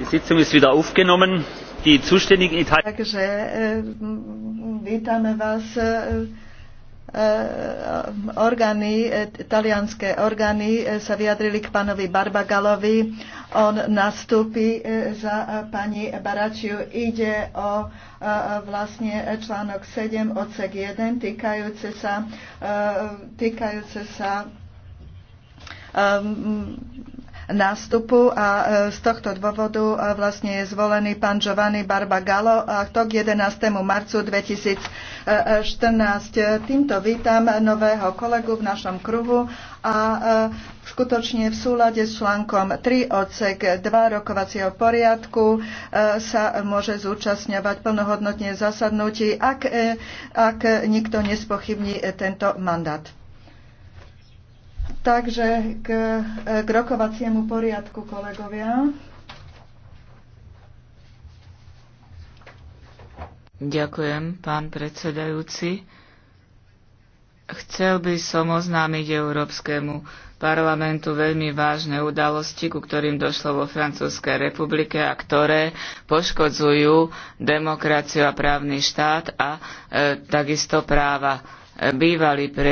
Die Sitzung ist wieder aufgenommen. Die zuständigen Takže e, vítame vás. E, e, orgány, talianské orgány sa vyjadrili k pánovi Barbagalovi. On nastúpi za pani Baračiu. Ide o vlastne článok 7, odsek 1, týkajúce sa, týkajúce sa nástupu a e, z tohto dôvodu e, vlastne je zvolený pán Giovanni Barbagallo a to k 11. marcu 2014. E, týmto vítam nového kolegu v našom kruhu a skutočne v súlade s článkom 3 odsek 2 rokovacieho poriadku sa môže zúčastňovať plnohodnotne zasadnutí, ak, ak nikto nespochybní tento mandát. Takže k, e, k rokovaciemu poriadku, kolegovia. Ďakujem, pán predsedajúci. Chcel by som oznámiť Európskemu parlamentu veľmi vážne udalosti, ku ktorým došlo vo Francúzskej republike a ktoré poškodzujú demokraciu a právny štát a e, takisto práva. E, bývalý pre